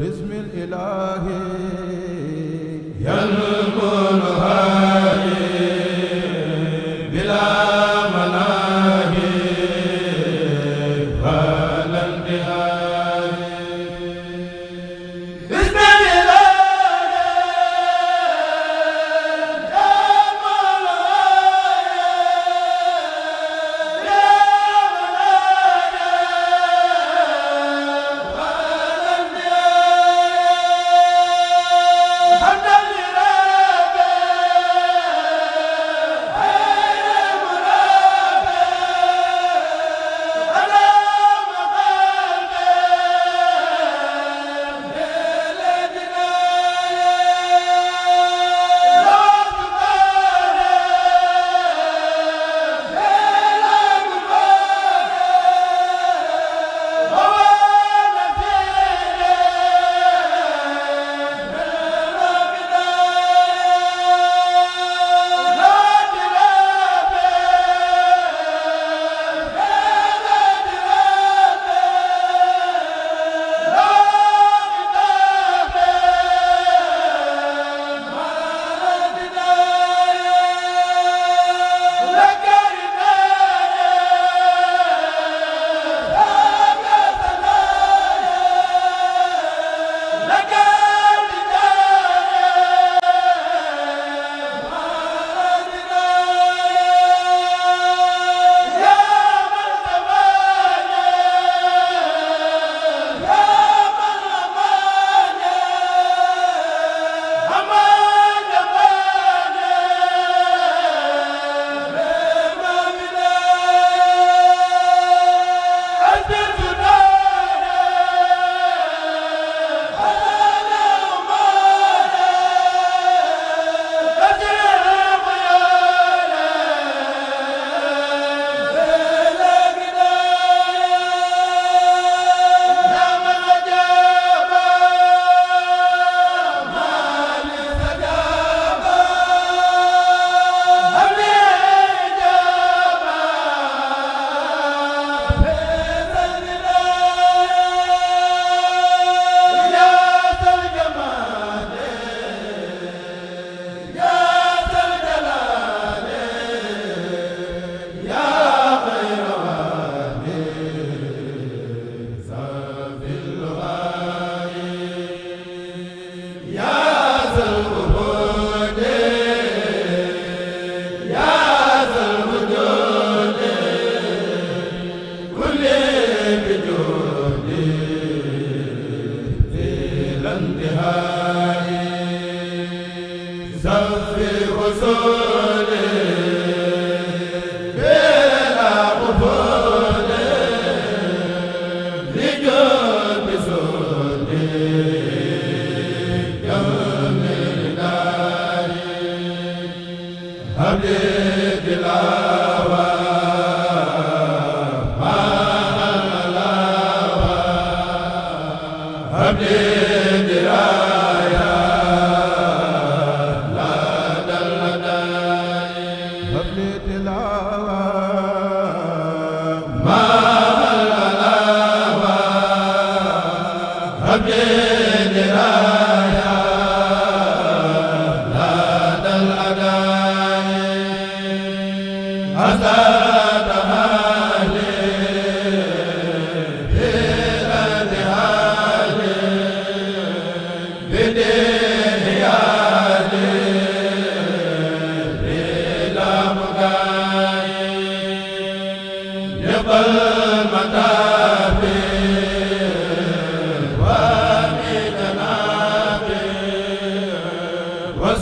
bismil ilaahi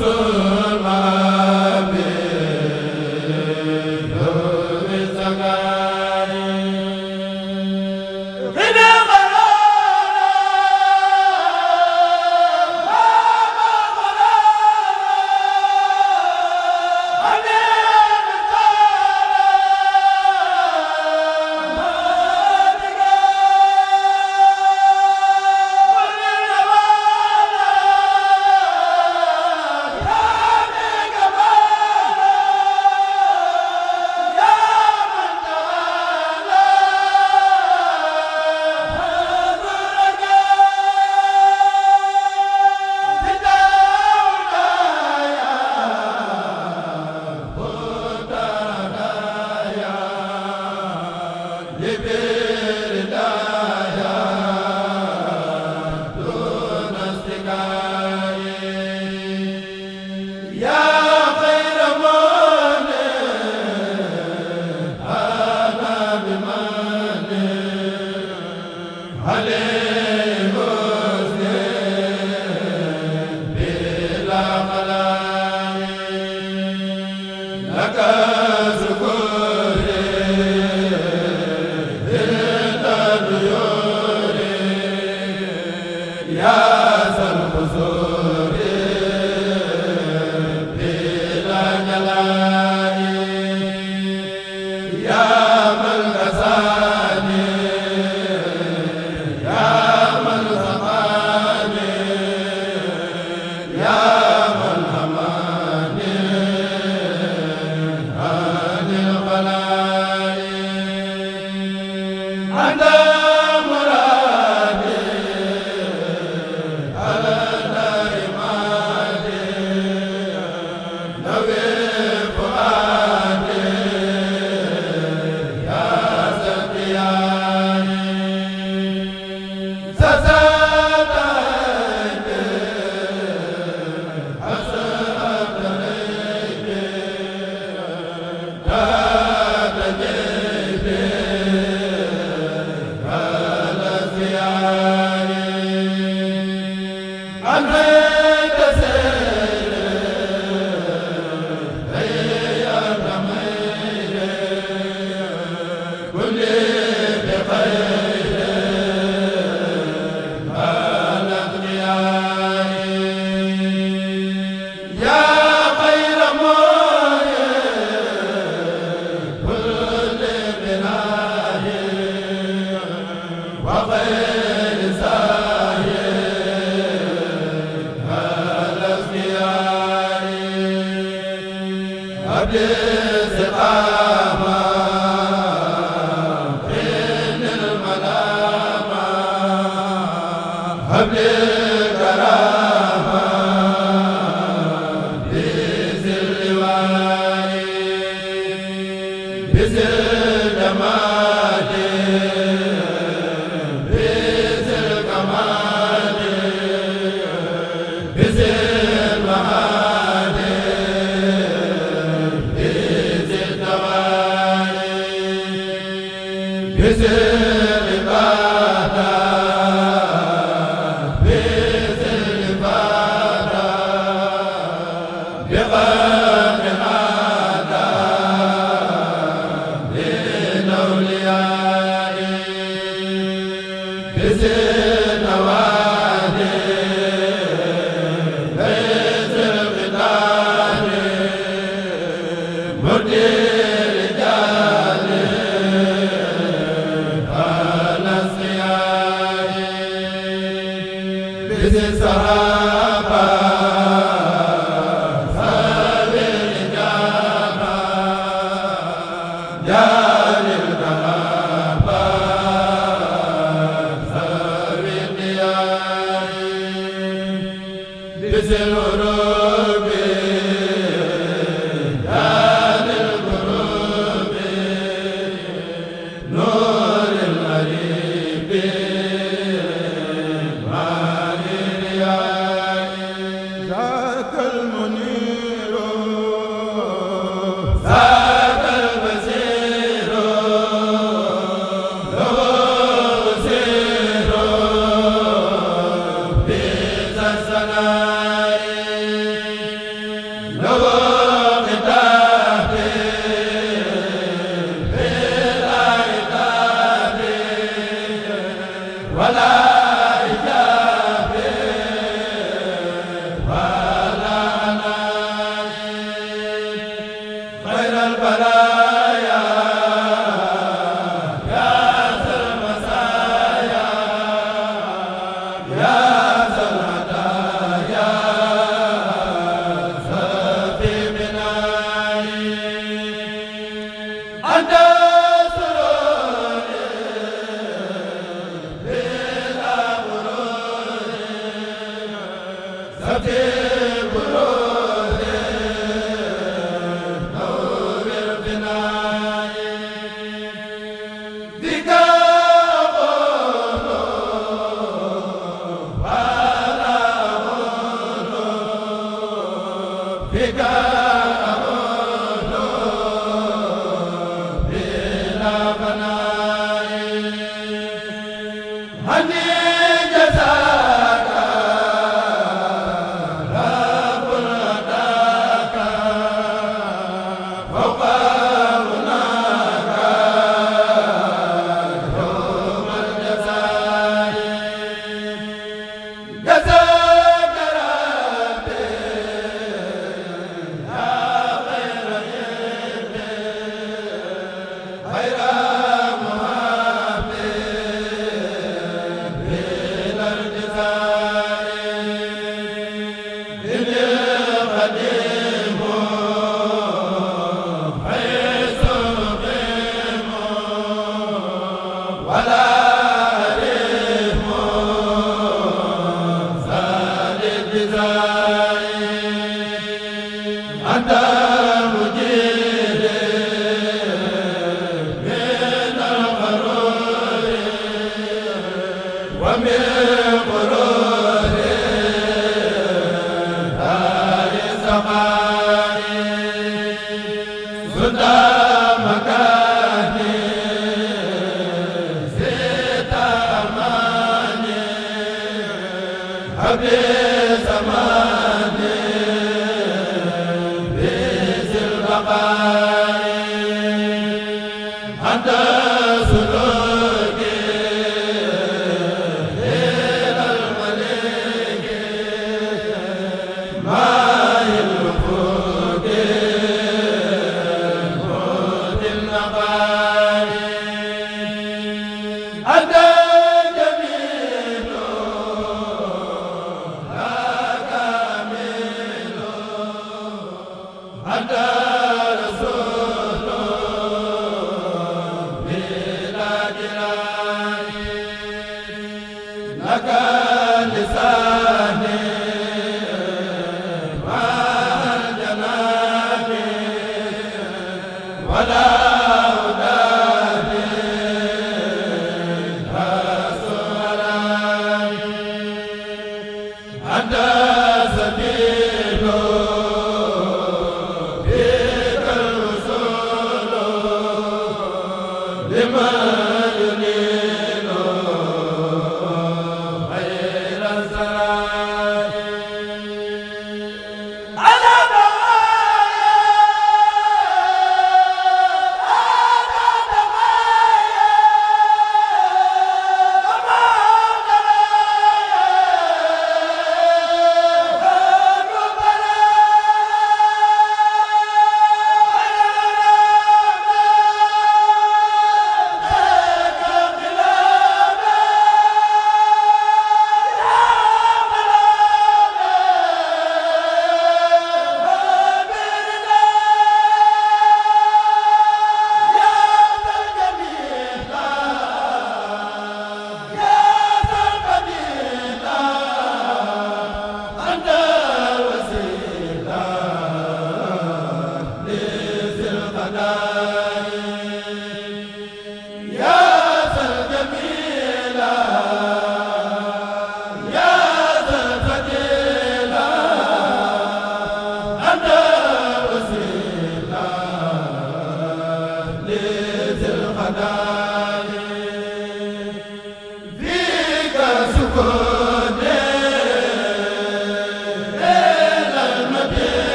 Rasul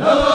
la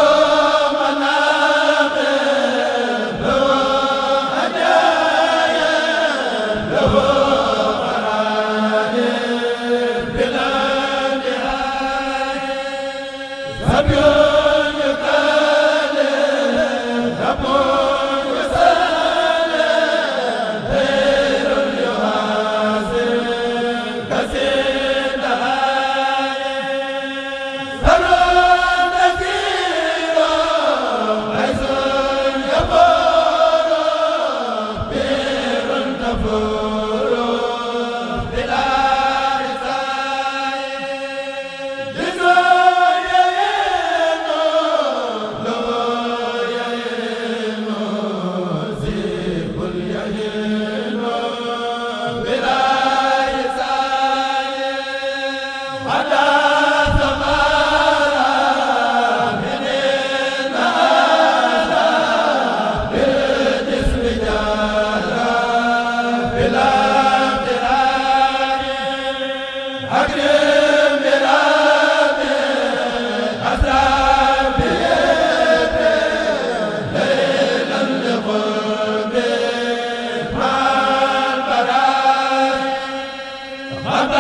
Matar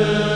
la